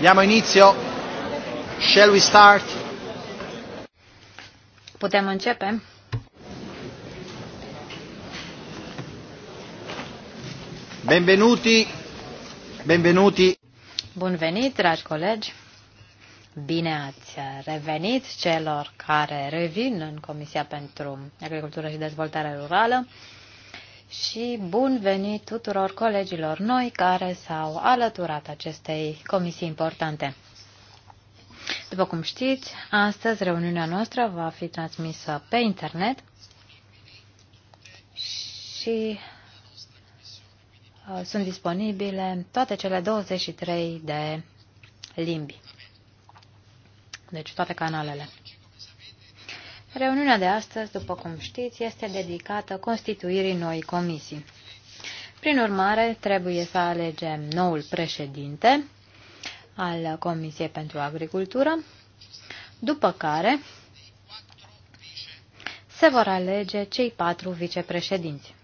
Diamo inizio. Shall we start? Putem începe? Benvenuti, benvenuti. Bun venit, dragi colegi. Bine ați revenit celor care revin în Comisia pentru Agricultură și Dezvoltare Rurală și bun venit tuturor colegilor noi care s-au alăturat acestei comisii importante. După cum știți, astăzi reuniunea noastră va fi transmisă pe internet și uh, sunt disponibile toate cele 23 de limbi. Deci toate canalele. Reuniunea de astăzi, după cum știți, este dedicată constituirii noii comisii. Prin urmare, trebuie să alegem noul președinte al Comisiei pentru Agricultură, după care se vor alege cei patru vicepreședinți.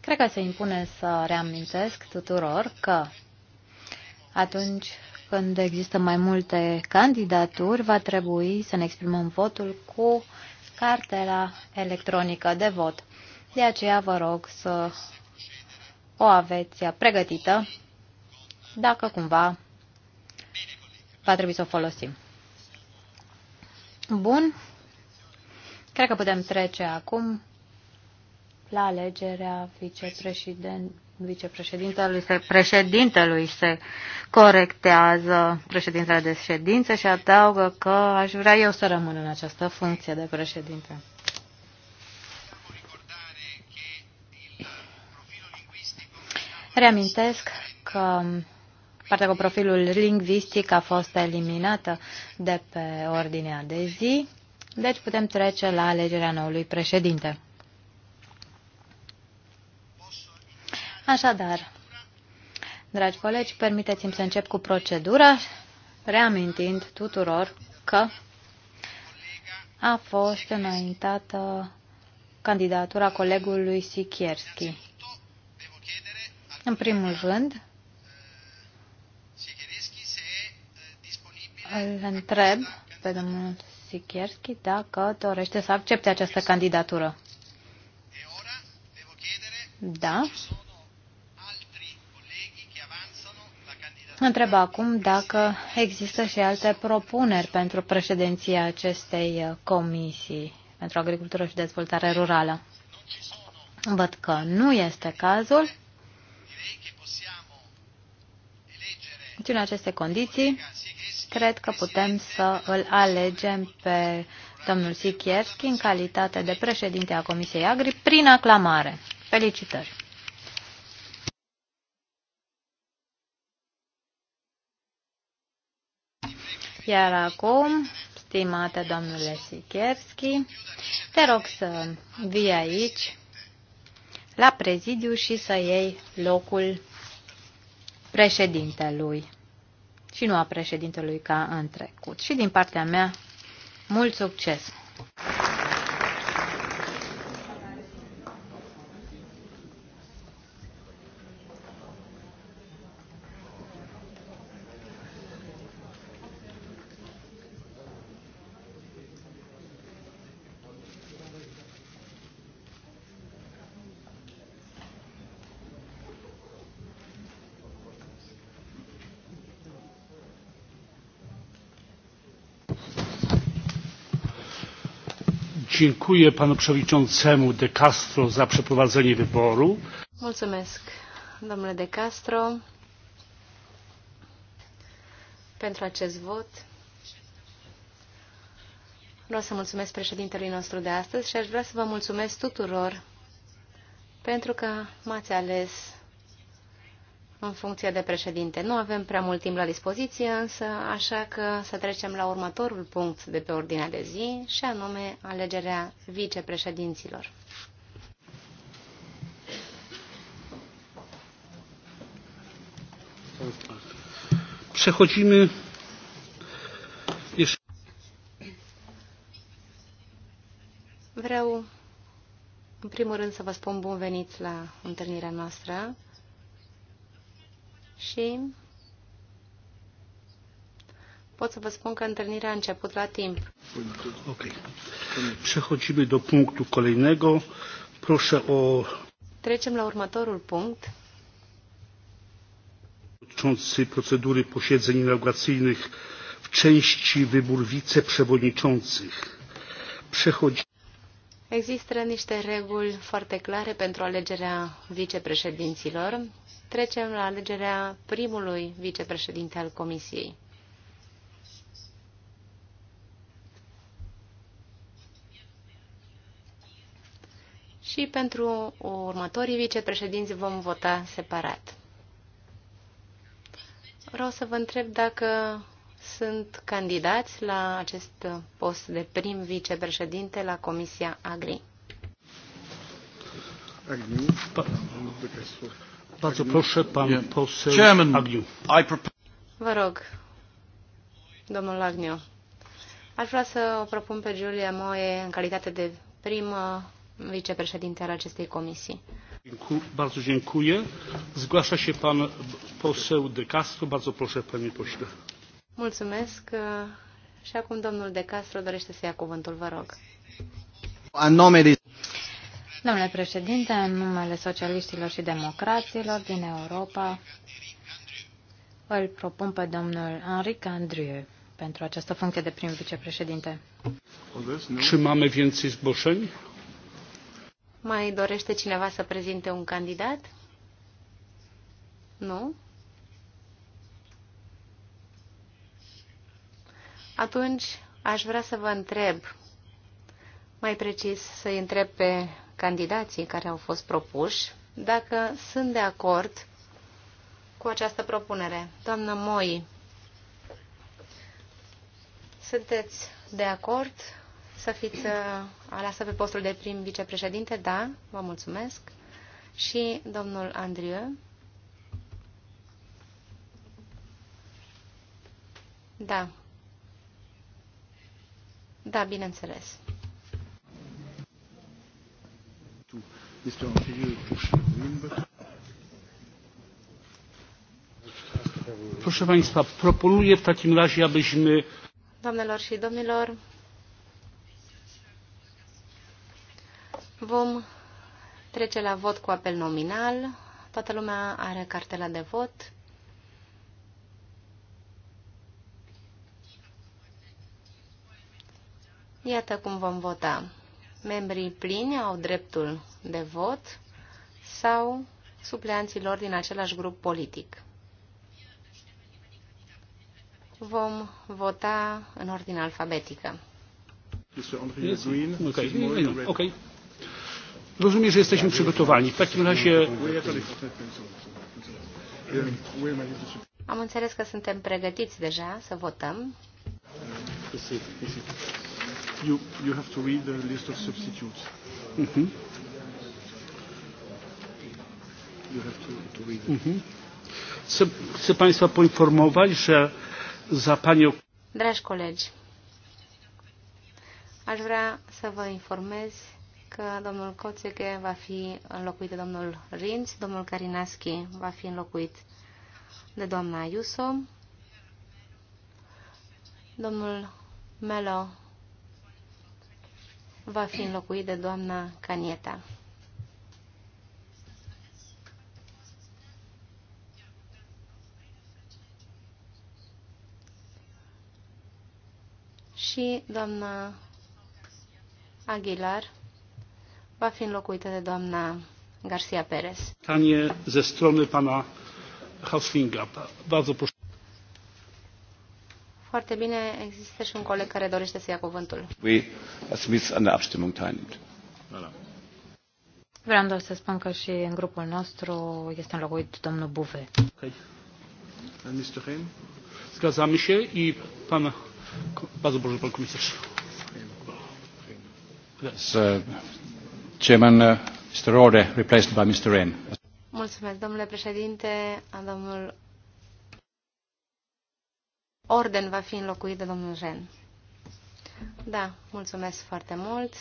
Cred că se impune să reamintesc tuturor că atunci când există mai multe candidaturi, va trebui să ne exprimăm votul cu cartela electronică de vot. De aceea vă rog să o aveți pregătită dacă cumva va trebui să o folosim. Bun. Cred că putem trece acum la alegerea vicepreședintelui vicepreședintelui se, președintelui se corectează președintele de ședință și adaugă că aș vrea eu să rămân în această funcție de președinte. Reamintesc că partea cu profilul lingvistic a fost eliminată de pe ordinea de zi, deci putem trece la alegerea noului președinte. Așadar, dragi colegi, permiteți-mi să încep cu procedura, reamintind tuturor că a fost înaintată candidatura colegului Sikierski. În primul rând, îl întreb pe domnul Sikierski dacă dorește să accepte această candidatură. Da. întreb acum dacă există și alte propuneri pentru președinția acestei uh, comisii pentru agricultură și dezvoltare rurală. Văd că nu este cazul. Deci, în aceste condiții, cred că putem să îl alegem pe domnul Sikierski în calitate de președinte a Comisiei Agri prin aclamare. Felicitări! Iar acum, stimate domnule Sikerski, te rog să vii aici la prezidiu și să iei locul președintelui și nu a președintelui ca în trecut. Și din partea mea, mult succes! Dziękuję panu przewodniczącemu De Castro za przeprowadzenie wyboru. Mulțumesc, domnule De Castro, pentru acest vot. Vreau să mulțumesc președintelui nostru de astăzi și aș vrea să vă mulțumesc tuturor pentru că m-ați ales în funcție de președinte. Nu avem prea mult timp la dispoziție, însă așa că să trecem la următorul punct de pe ordinea de zi, și anume alegerea vicepreședinților. Przechodzimy jeszcze. Vreau, în primul rând, să vă spun bun venit la întâlnirea noastră și pot să vă spun că întâlnirea a început la timp. Ok. Przechodzimy do punctu kolejnego. Proszę o... Trecem la următorul punct. Dotyczący procedury posiedzeń inauguracyjnych w części wybór wiceprzewodniczących. Przechodzi... Există niște reguli foarte clare pentru alegerea vicepreședinților trecem la alegerea primului vicepreședinte al Comisiei. Și pentru următorii vicepreședinți vom vota separat. Vreau să vă întreb dacă sunt candidați la acest post de prim vicepreședinte la Comisia Agri. Agri. Bardzo proszę, pan poseł Agniu. Vă rog, domnul Agniu. Aș vrea să o propun pe Giulia Moe în calitate de primă vicepreședinte al acestei comisii. Bardzo dziękuję. Zgłasza się pan poseł De Castro. Bardzo proszę, panie pośle. Mulțumesc. Și acum domnul De Castro dorește să ia cuvântul, vă rog. A nume. de Domnule președinte, în numele socialiștilor și democraților din Europa, îl propun pe domnul Henri Andrieu pentru această funcție de prim vicepreședinte. Czy mamy więcej zgłoszeń? Mai dorește cineva să prezinte un candidat? Nu? Atunci aș vrea să vă întreb, mai precis să-i întreb pe candidații care au fost propuși dacă sunt de acord cu această propunere. Doamnă Moi, sunteți de acord să fiți uh, aleasă pe postul de prim vicepreședinte? Da, vă mulțumesc. Și domnul Andrieu? Da. Da, bineînțeles. Proszę Państwa, proponuję w takim razie, abyśmy... Domnilor și domnilor, vom trece la vot cu apel nominal. Toată lumea are cartela de vot. Iată cum vom vota membrii plini au dreptul de vot sau supleanților din același grup politic. Vom vota în ordine alfabetică. Okay. Rozumiem, że jesteśmy przygotowani. W takim razie... Am înțeles că suntem pregătiți deja să votăm you, you have to read the list of substitutes. Mm-hmm. You have to, to read it. Mm-hmm. Chcę, chcę Państwa poinformować, że za Panią... Dragi colegi, aș vrea să vă informez că domnul Coțeche va fi înlocuit de domnul Rinț, domnul Karinaschi va fi înlocuit de doamna Iuso, domnul Melo va fi înlocuit de doamna Canieta. Și doamna Aguilar va fi înlocuită de doamna Garcia Perez. Tanie ze strony pana Hauslinga. Bardzo proszę. Foarte bine, există și un coleg care dorește să ia cuvântul. Vreau doar să spun că și în grupul nostru este înlocuit domnul Buve. Mulțumesc, domnule președinte, domnul Orden va fi înlocuit de domnul Jen. Da, mulțumesc foarte mult.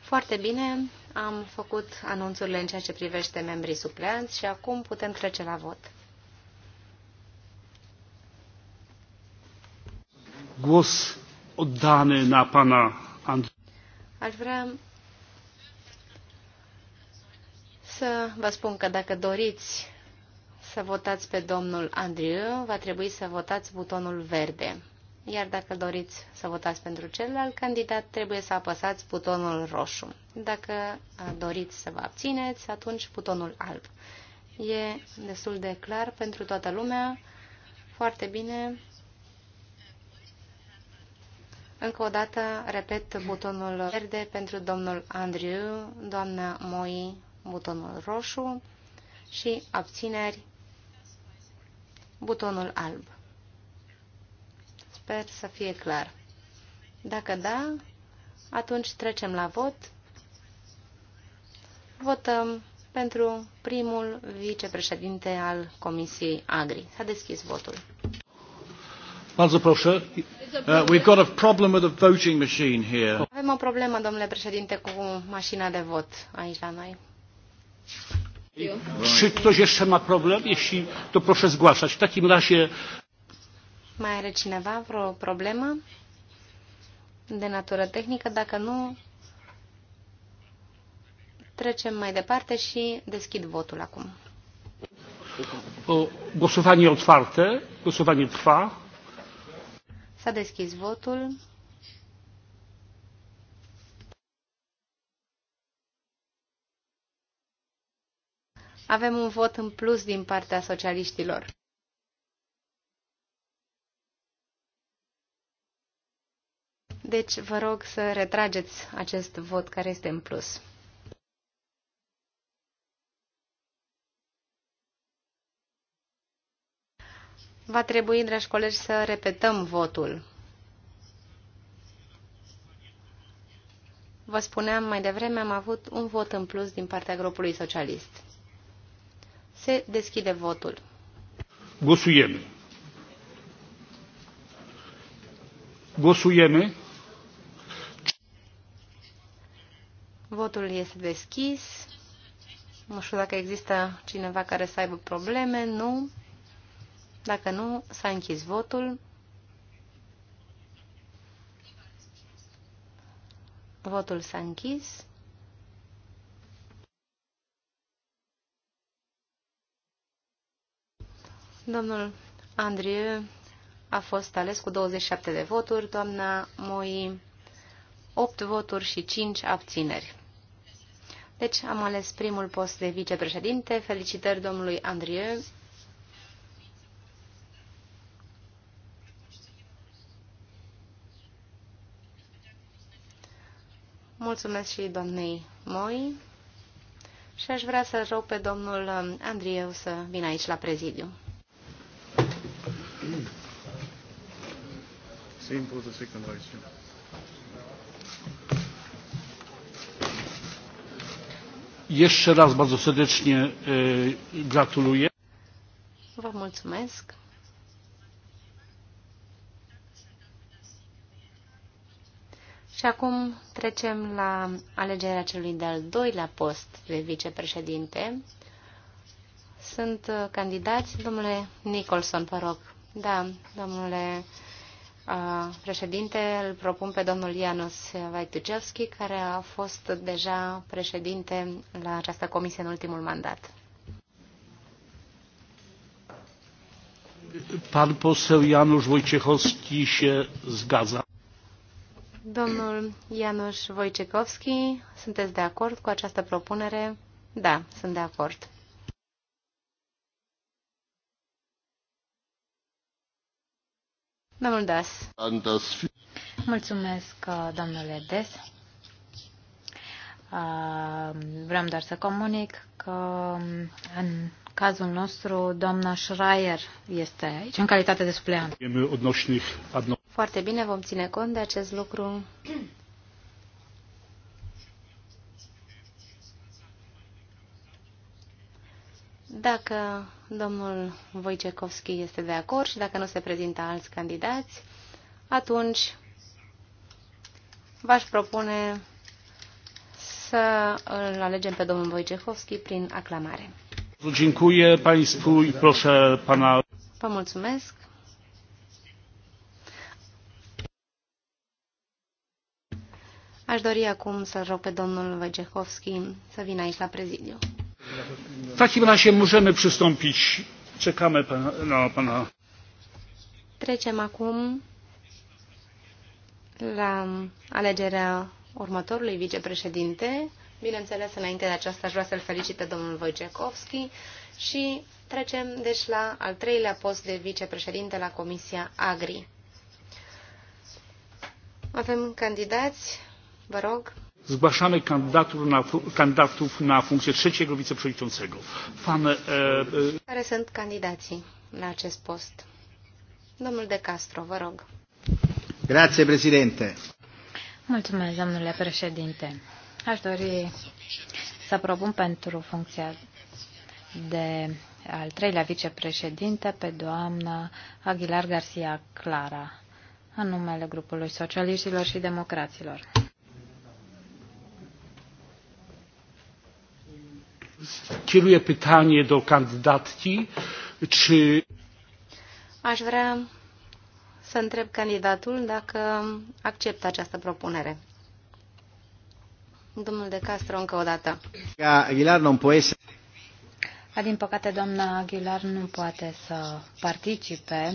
Foarte bine, am făcut anunțurile în ceea ce privește membrii supleanți și acum putem trece la vot. Głos oddany na pana Andrzeja. Aș vrea să vă spun că dacă doriți să votați pe domnul Andriu, va trebui să votați butonul verde. Iar dacă doriți să votați pentru celălalt candidat, trebuie să apăsați butonul roșu. Dacă doriți să vă abțineți, atunci butonul alb. E destul de clar pentru toată lumea. Foarte bine. Încă o dată, repet, butonul verde pentru domnul Andriu, doamna Moi butonul roșu și abțineri, butonul alb. Sper să fie clar. Dacă da, atunci trecem la vot. Votăm pentru primul vicepreședinte al Comisiei Agri. S-a deschis votul. Uh, we've got a problem with the voting machine here. Avem o problemă, domnule președinte, cu mașina de vot aici la noi. Czy ktoś jeszcze ma problem? Jeśli to proszę zgłaszać. W takim razie... Ma are cineva vreo problemă de natură tehnică? Dacă nu, trecem mai departe și deschid votul acum. O, głosowanie otwarte. Głosowanie trwa. S-a deschis votul. avem un vot în plus din partea socialiștilor. Deci vă rog să retrageți acest vot care este în plus. Va trebui, dragi colegi, să repetăm votul. Vă spuneam mai devreme, am avut un vot în plus din partea grupului socialist. Se deschide votul. Głosujemy. Głosujemy. Votul este deschis. Nu știu dacă există cineva care să aibă probleme. Nu. Dacă nu, s-a închis votul. Votul s-a închis. Domnul Andrie a fost ales cu 27 de voturi, doamna Moi 8 voturi și 5 abțineri. Deci am ales primul post de vicepreședinte. Felicitări domnului Andrie. Mulțumesc și doamnei Moi. Și aș vrea să rog pe domnul Andrieu să vină aici la prezidiu. Same for the second chair. Jeszcze raz bardzo serdecznie gratuluję. Vă mulțumesc. Și acum trecem la alegerea celui de-al doilea post de vicepreședinte. Sunt uh, candidați, domnule Nicholson, vă rog. Da, domnule președinte, îl propun pe domnul Ianus Wojciechowski, care a fost deja președinte la această comisie în ultimul mandat. Pan poseł Janusz Wojciechowski się zgadza. Domnul Janusz Wojciechowski, sunteți de acord cu această propunere? Da, sunt de acord. Domnul Das. Mulțumesc, uh, domnule Des. Uh, vreau doar să comunic că um, în cazul nostru doamna Schreier este aici în calitate de supleant. Foarte bine, vom ține cont de acest lucru Dacă domnul Wojciechowski este de acord și dacă nu se prezintă alți candidați, atunci v-aș propune să îl alegem pe domnul Wojciechowski prin aclamare. Vă mulțumesc. Aș dori acum să rog pe domnul Wojciechowski să vină aici la prezidiu. W takim razie możemy przystąpić. Czekamy na pana. Trecem acum la alegerea următorului vicepreședinte. Bineînțeles, înainte de aceasta aș vrea să-l felicit pe domnul Wojciechowski și trecem deci la al treilea post de vicepreședinte la Comisia Agri. Avem candidați, vă rog zgłaszamy kandydatów na funkcję trzeciego wiceprzewodniczącego. Pan, e, e... Care sunt acest post? Domnul De Castro, vă rog. Grazie, președinte. Mulțumesc, domnule președinte. Aș dori să propun pentru funcția de al treilea vicepreședinte pe doamna Aguilar Garcia Clara, în numele grupului socialiștilor și democraților. Kieruję pytanie do kandydatki, czy... Aș vrea să întreb candidatul dacă acceptă această propunere. Domnul De Castro, încă o dată. Aguilar nu poate să... Din păcate, doamna Aguilar nu poate să participe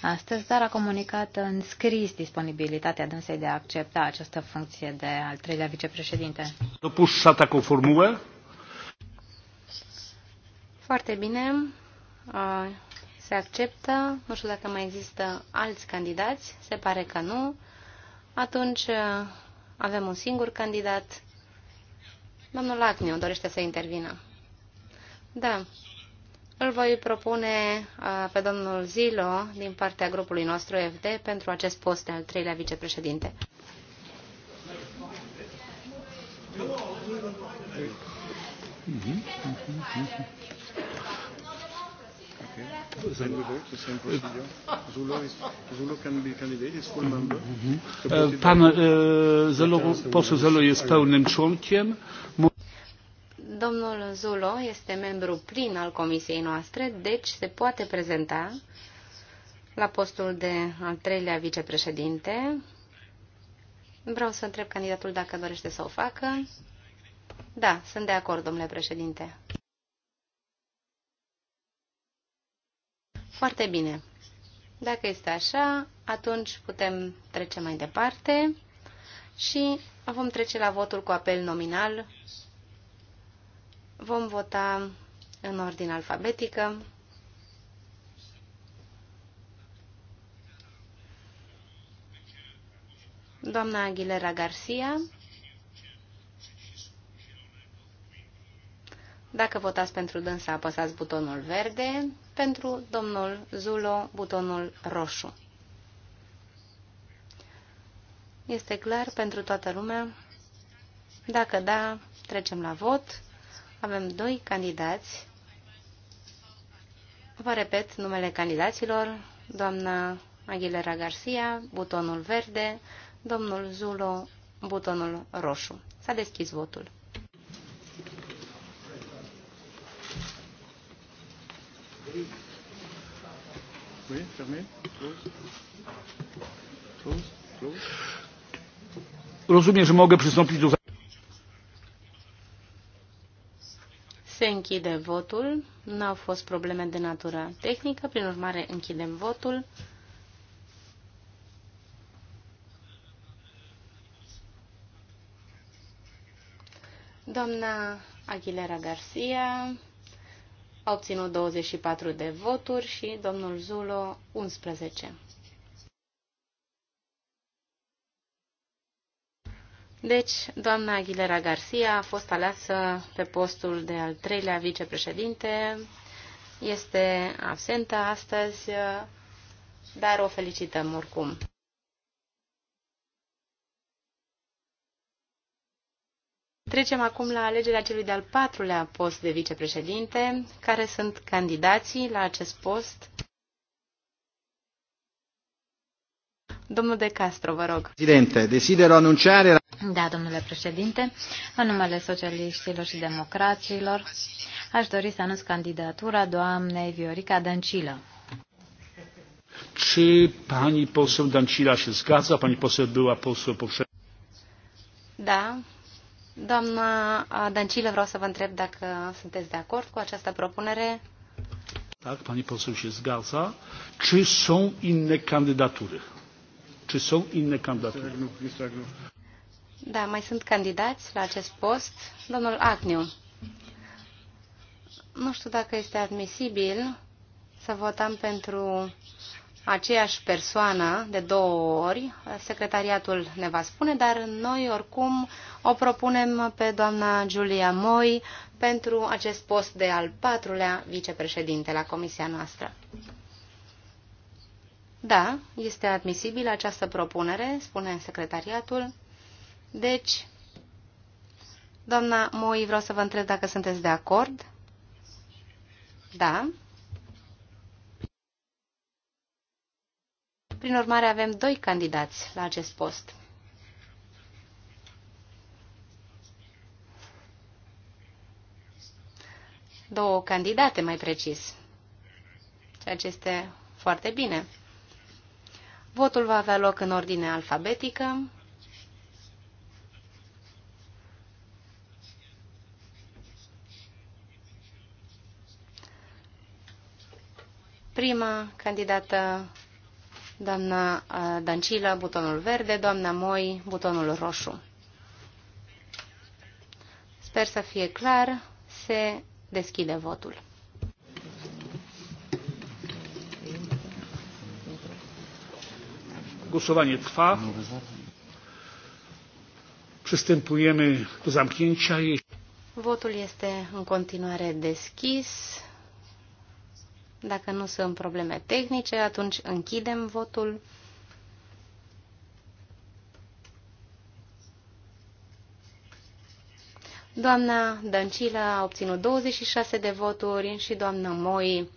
astăzi, dar a comunicat în scris disponibilitatea dânsei de a accepta această funcție de al treilea vicepreședinte. Dopuș să atacă o formulă? Foarte bine. Se acceptă. Nu știu dacă mai există alți candidați. Se pare că nu. Atunci avem un singur candidat. Domnul Lacniu dorește să intervină. Da. Îl voi propune pe domnul Zilo din partea grupului nostru FD pentru acest post de al treilea vicepreședinte. Mm-hmm. Mm-hmm. Pan Zelo, poseł Zelo jest pełnym członkiem. Domnul Zulo este membru plin al comisiei noastre, deci se poate prezenta la postul de al treilea vicepreședinte. Vreau să întreb candidatul dacă dorește să o facă. Da, sunt de acord, domnule președinte. Foarte bine. Dacă este așa, atunci putem trece mai departe și vom trece la votul cu apel nominal. Vom vota în ordine alfabetică. Doamna Aguilera Garcia Dacă votați pentru dânsa, apăsați butonul verde, pentru domnul Zulo, butonul roșu. Este clar pentru toată lumea? Dacă da, trecem la vot. Avem doi candidați. Vă repet numele candidaților. Doamna Aguilera Garcia, butonul verde, domnul Zulo, butonul roșu. S-a deschis votul. Oui, fermé. Close. Close. Close. Rozumiem, że mogę przystąpić do... Se închide votul. Nu au fost probleme de natură tehnică, prin urmare închidem votul. Doamna Aguilera Garcia, a obținut 24 de voturi și domnul Zulo 11. Deci, doamna Aguilera Garcia a fost aleasă pe postul de al treilea vicepreședinte. Este absentă astăzi, dar o felicităm oricum. Trecem acum la alegerea celui de-al patrulea post de vicepreședinte. Care sunt candidații la acest post? Domnul De Castro, vă rog. Presidente, desidero anunțare... Da, domnule președinte, în numele socialiștilor și democraților, aș dori să anunț candidatura doamnei Viorica Dăncilă. Ce pani poseł Dancila și zgadza? Pani poseł była poseł Da, Doamna Dancilă, vreau să vă întreb dacă sunteți de acord cu această propunere. Tak, pani poseł się zgadza. Czy są inne kandydatury? Czy są inne kandydatury? Da, mai sunt candidați la acest post. Domnul Agniu, nu știu dacă este admisibil să votăm pentru aceeași persoană de două ori, secretariatul ne va spune, dar noi oricum o propunem pe doamna Giulia Moi pentru acest post de al patrulea vicepreședinte la comisia noastră. Da, este admisibilă această propunere, spune secretariatul. Deci, doamna Moi, vreau să vă întreb dacă sunteți de acord. Da. Prin urmare, avem doi candidați la acest post. Două candidate, mai precis. Ceea ce este foarte bine. Votul va avea loc în ordine alfabetică. Prima candidată doamna Dancila, butonul verde, doamna Moi, butonul roșu. Sper să fie clar, se deschide votul. Głosowanie trwa. Przystępujemy do zamknięcia. Votul este în continuare deschis. Dacă nu sunt probleme tehnice, atunci închidem votul. Doamna Dăncilă a obținut 26 de voturi și doamna Moi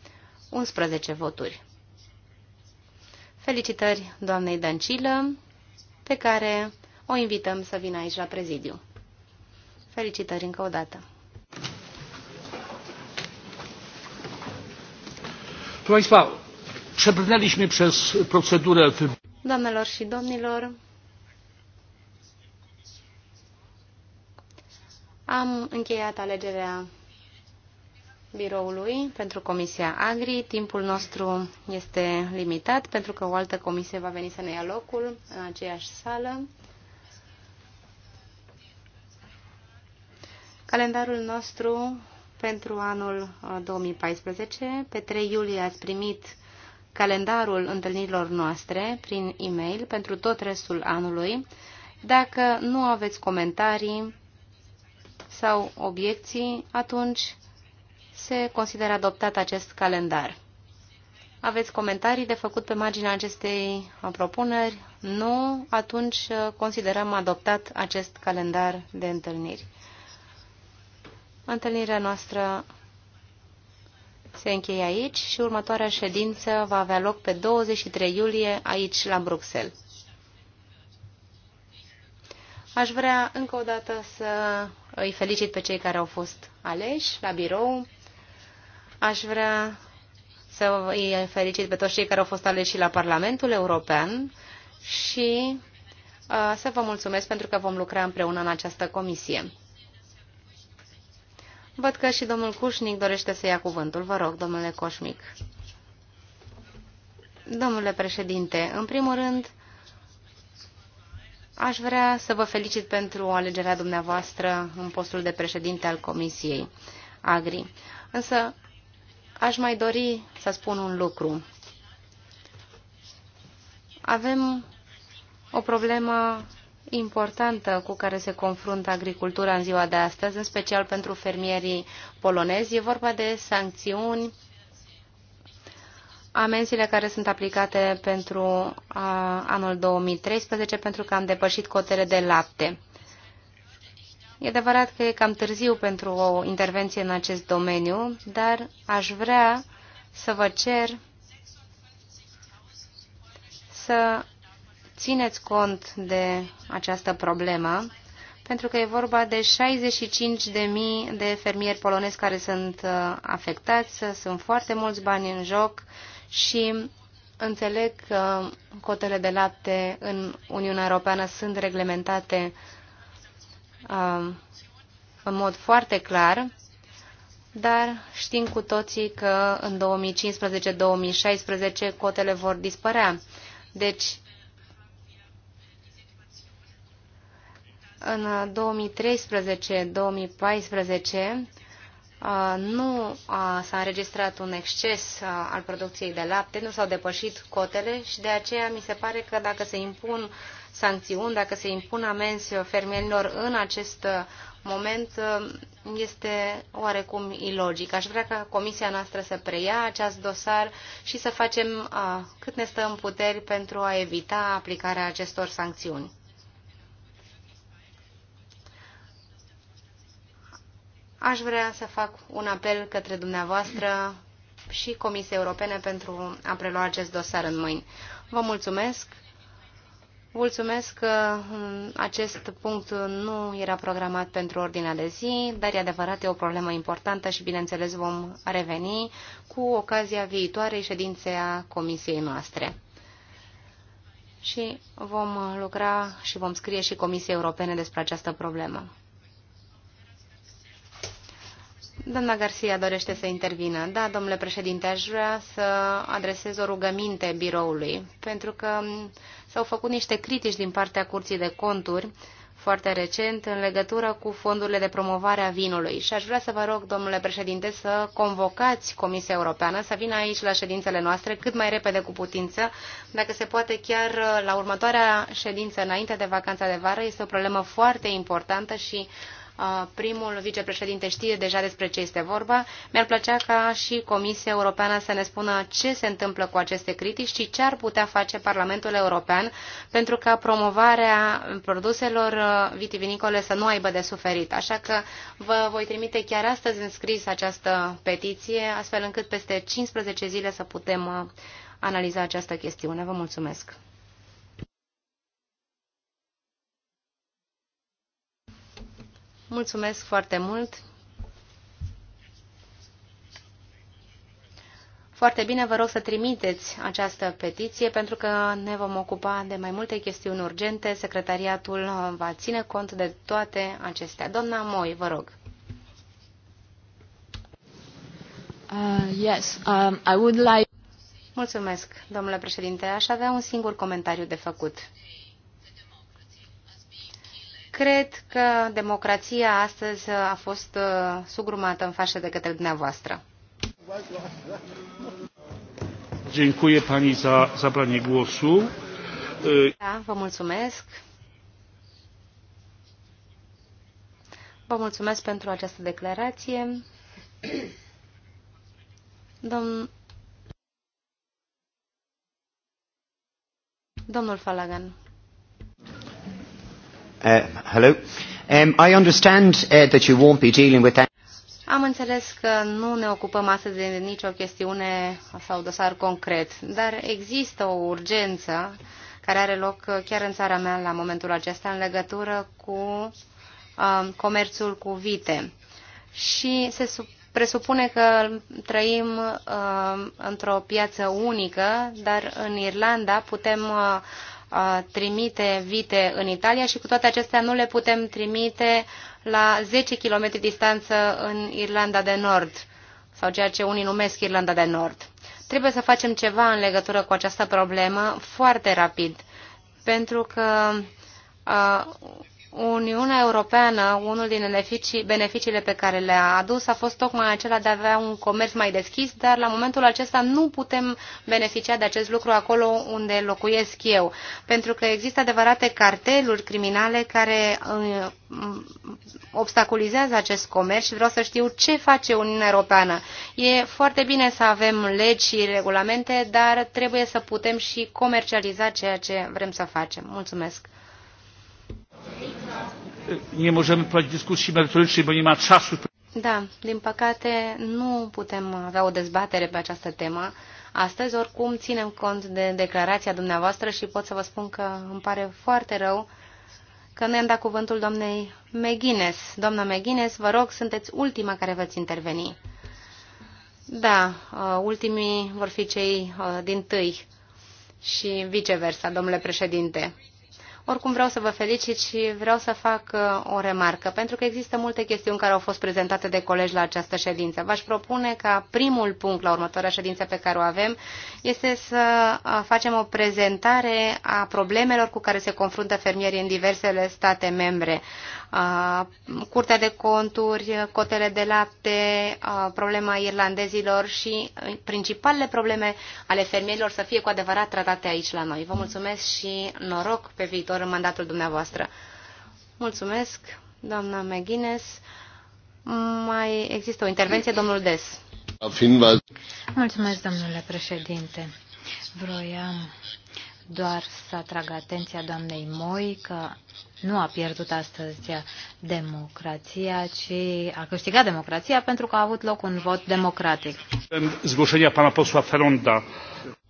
11 voturi. Felicitări doamnei Dăncilă, pe care o invităm să vină aici la prezidiu. Felicitări încă o dată. Proszę Państwa, przebrnęliśmy przez procedurę wyborów. Doamnelor și domnilor, am încheiat alegerea biroului pentru Comisia Agri. Timpul nostru este limitat pentru că o altă comisie va veni să ne ia locul în aceeași sală. Calendarul nostru pentru anul 2014. Uh, pe 3 iulie ați primit calendarul întâlnirilor noastre prin e-mail pentru tot restul anului. Dacă nu aveți comentarii sau obiecții, atunci se consideră adoptat acest calendar. Aveți comentarii de făcut pe marginea acestei uh, propuneri? Nu? Atunci uh, considerăm adoptat acest calendar de întâlniri. Întâlnirea noastră se încheie aici și următoarea ședință va avea loc pe 23 iulie aici la Bruxelles. Aș vrea încă o dată să îi felicit pe cei care au fost aleși la birou. Aș vrea să îi felicit pe toți cei care au fost aleși la Parlamentul European și uh, să vă mulțumesc pentru că vom lucra împreună în această comisie. Văd că și domnul Cușnic dorește să ia cuvântul. Vă rog, domnule Coșmic. Domnule președinte, în primul rând, aș vrea să vă felicit pentru alegerea dumneavoastră în postul de președinte al Comisiei Agri. Însă, aș mai dori să spun un lucru. Avem o problemă importantă cu care se confruntă agricultura în ziua de astăzi, în special pentru fermierii polonezi. E vorba de sancțiuni, amenziile care sunt aplicate pentru a, anul 2013 pentru că am depășit cotele de lapte. E adevărat că e cam târziu pentru o intervenție în acest domeniu, dar aș vrea să vă cer să țineți cont de această problemă, pentru că e vorba de 65.000 de fermieri polonezi care sunt uh, afectați, sunt foarte mulți bani în joc și înțeleg că cotele de lapte în Uniunea Europeană sunt reglementate uh, în mod foarte clar, dar știm cu toții că în 2015-2016 cotele vor dispărea. Deci În 2013-2014 nu s-a înregistrat un exces al producției de lapte, nu s-au depășit cotele și de aceea mi se pare că dacă se impun sancțiuni, dacă se impun amenzi fermierilor în acest moment, este oarecum ilogic. Aș vrea ca comisia noastră să preia acest dosar și să facem cât ne stă în puteri pentru a evita aplicarea acestor sancțiuni. Aș vrea să fac un apel către dumneavoastră și Comisia Europene pentru a prelua acest dosar în mâini. Vă mulțumesc. Mulțumesc că mm, acest punct nu era programat pentru ordinea de zi, dar e adevărat, e o problemă importantă și, bineînțeles, vom reveni cu ocazia viitoarei ședințe a comisiei noastre. Și vom lucra și vom scrie și Comisiei Europene despre această problemă. Doamna Garcia dorește să intervină. Da, domnule președinte, aș vrea să adresez o rugăminte biroului, pentru că s-au făcut niște critici din partea Curții de Conturi foarte recent în legătură cu fondurile de promovare a vinului. Și aș vrea să vă rog, domnule președinte, să convocați Comisia Europeană să vină aici la ședințele noastre cât mai repede cu putință, dacă se poate chiar la următoarea ședință înainte de vacanța de vară. Este o problemă foarte importantă și primul vicepreședinte știe deja despre ce este vorba. Mi-ar plăcea ca și Comisia Europeană să ne spună ce se întâmplă cu aceste critici și ce ar putea face Parlamentul European pentru ca promovarea produselor uh, vitivinicole să nu aibă de suferit. Așa că vă voi trimite chiar astăzi în scris această petiție, astfel încât peste 15 zile să putem uh, analiza această chestiune. Vă mulțumesc! Mulțumesc foarte mult. Foarte bine, vă rog să trimiteți această petiție pentru că ne vom ocupa de mai multe chestiuni urgente. Secretariatul va ține cont de toate acestea. Doamna Moi, vă rog. Uh, yes, um, I would like... Mulțumesc, domnule președinte. Aș avea un singur comentariu de făcut. Cred că democrația astăzi a fost uh, sugrumată în fașă de către dumneavoastră. Dziękuję pani za zabranie głosu. Da, vă mulțumesc. Vă mulțumesc pentru această declarație. Domn... Domnul Falagan. Uh, hello. Um, I understand uh, that you won't be dealing with that. Am înțeles că nu ne ocupăm astăzi de nicio chestiune sau dosar concret, dar există o urgență care are loc uh, chiar în țara mea la momentul acesta în legătură cu uh, comerțul cu vite. Și se presupune că trăim uh, într-o piață unică, dar în Irlanda putem uh, trimite vite în Italia și cu toate acestea nu le putem trimite la 10 km distanță în Irlanda de Nord, sau ceea ce unii numesc Irlanda de Nord. Trebuie să facem ceva în legătură cu această problemă foarte rapid, pentru că Uniunea Europeană, unul din beneficiile pe care le-a adus a fost tocmai acela de a avea un comerț mai deschis, dar la momentul acesta nu putem beneficia de acest lucru acolo unde locuiesc eu, pentru că există adevărate carteluri criminale care uh, obstaculizează acest comerț și vreau să știu ce face Uniunea Europeană. E foarte bine să avem legi și regulamente, dar trebuie să putem și comercializa ceea ce vrem să facem. Mulțumesc! nie możemy prowadzić dyskusji merytorycznej, bo nie ma czasu. Da, din păcate nu putem avea o dezbatere pe această temă. Astăzi, oricum, ținem cont de declarația dumneavoastră și pot să vă spun că îmi pare foarte rău că nu i-am dat cuvântul doamnei McGuinness. Doamna McGuinness, vă rog, sunteți ultima care veți interveni. Da, uh, ultimii vor fi cei uh, din tâi și viceversa, domnule președinte. Oricum vreau să vă felicit și vreau să fac uh, o remarcă, pentru că există multe chestiuni care au fost prezentate de colegi la această ședință. V-aș propune ca primul punct la următoarea ședință pe care o avem este să uh, facem o prezentare a problemelor cu care se confruntă fermierii în diversele state membre. Curtea de Conturi, cotele de lapte, problema irlandezilor și principalele probleme ale fermierilor să fie cu adevărat tratate aici la noi. Vă mulțumesc și noroc pe viitor în mandatul dumneavoastră. Mulțumesc, doamna McGuinness. Mai există o intervenție, domnul Des. Mulțumesc, domnule președinte. Vroiam doar să atrag atenția doamnei Moi că nu a pierdut astăzi democrația, ci a câștigat democrația pentru că a avut loc un vot democratic.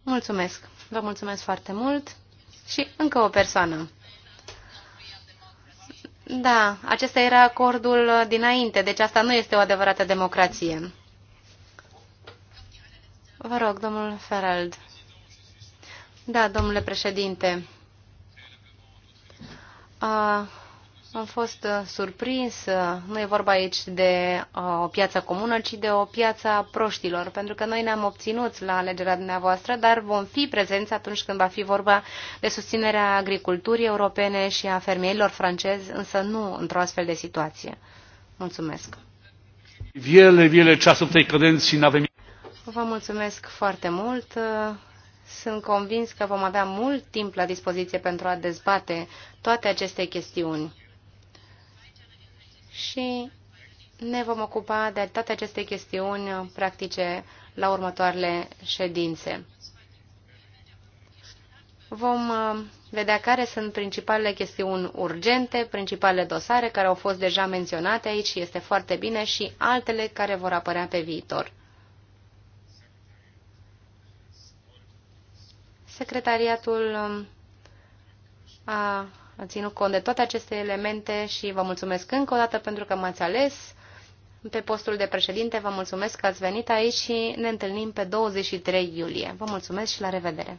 Mulțumesc. Vă mulțumesc foarte mult. Și încă o persoană. Da, acesta era acordul dinainte, deci asta nu este o adevărată democrație. Vă rog, domnul Ferald. Da, domnule președinte. A... Am fost uh, surprins. Uh, nu e vorba aici de uh, o piață comună, ci de o piață a proștilor, pentru că noi ne-am obținut la alegerea dumneavoastră, dar vom fi prezenți atunci când va fi vorba de susținerea agriculturii europene și a fermierilor francezi, însă nu într-o astfel de situație. Mulțumesc. Viele, wiele czasu w n-avem... Vă mulțumesc foarte mult. Sunt convins că vom avea mult timp la dispoziție pentru a dezbate toate aceste chestiuni. Și ne vom ocupa de toate aceste chestiuni practice la următoarele ședințe. Vom uh, vedea care sunt principalele chestiuni urgente, principalele dosare care au fost deja menționate aici, este foarte bine, și altele care vor apărea pe viitor. Secretariatul um, a ținut cont de toate aceste elemente și vă mulțumesc încă o dată pentru că m-ați ales pe postul de președinte. Vă mulțumesc că ați venit aici și ne întâlnim pe 23 iulie. Vă mulțumesc și la revedere!